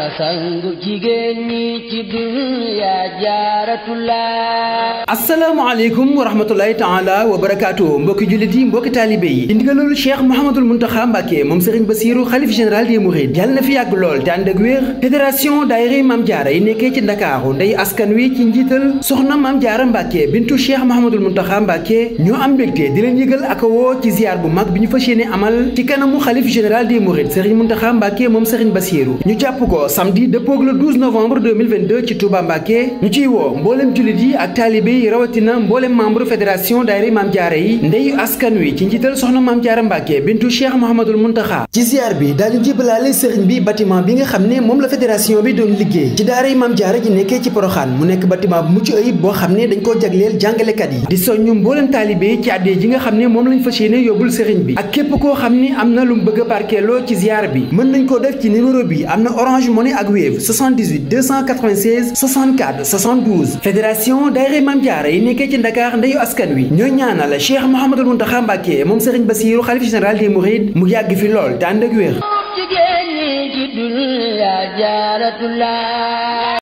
a sangu jigéen ñi ci asalaamaaleykum wa rahmatulahi taala wa barakaatu mbokki jullit yi mbokki taalibe yi di ndigalul cheikh mouhamadul muntaxa mbàkke moom sëriñ basiru xalif général des mourides yàlla na fi yàgg lool te ànd ak wér fédération daayira maam jaara yi nekkee ci ndakaaru ndey askan wi ci njiital soxna maam jaara mbàkke bintu cheikh mouhamadul muntaxa mbàkke ñoo am mbégte di leen yëgal ak woo ci ziar bu mag bi ñu fas yéene amal ci kanamu xalif général des mourides sëriñ muntaxa mbàkke moom sëriñ basiru ñu jàpp ko samedi dëppoog le 12 novembre 2022 ci touba ñu ciy woo mboolem jullit yi ak taalibe yi rawatina mboolem membre fédération daayira Maam Jaara yi ndeyu askan wi ci njiital soxna Maam Jaara Mbàkke bintu Cheikh Mouhamadul Muntaxa ci ziar bi daañu jébalaale sëriñ bi bâtiment bi nga xam ne moom la fédération bi doon liggéey ci daara yi Maam Jaara ji nekkee ci Poroxaan mu nekk bâtiment bu mucc ayib boo xam ne dañ koo jagleel jàngalekat yi di soññu mboolem taalibe yi ci àddee ji nga xam ne moom lañ fas yéene yóbbul sëriñ bi ak képp koo xam ne am na lu mu bëgg a barkeeloo ci ziar bi nañ koo def ci numéro bi am na Orange Money ak Wave 78 2015 fédération daayira Maam Jaara yi nekkee ci Ndakaar ndeyu askan wi ñoo ñaanal Cheikh Mouhamadul Mountakha Mbacké moom Serigne Bassirou xalif général des Mourides mu yàgg fi lool te ànd ak wér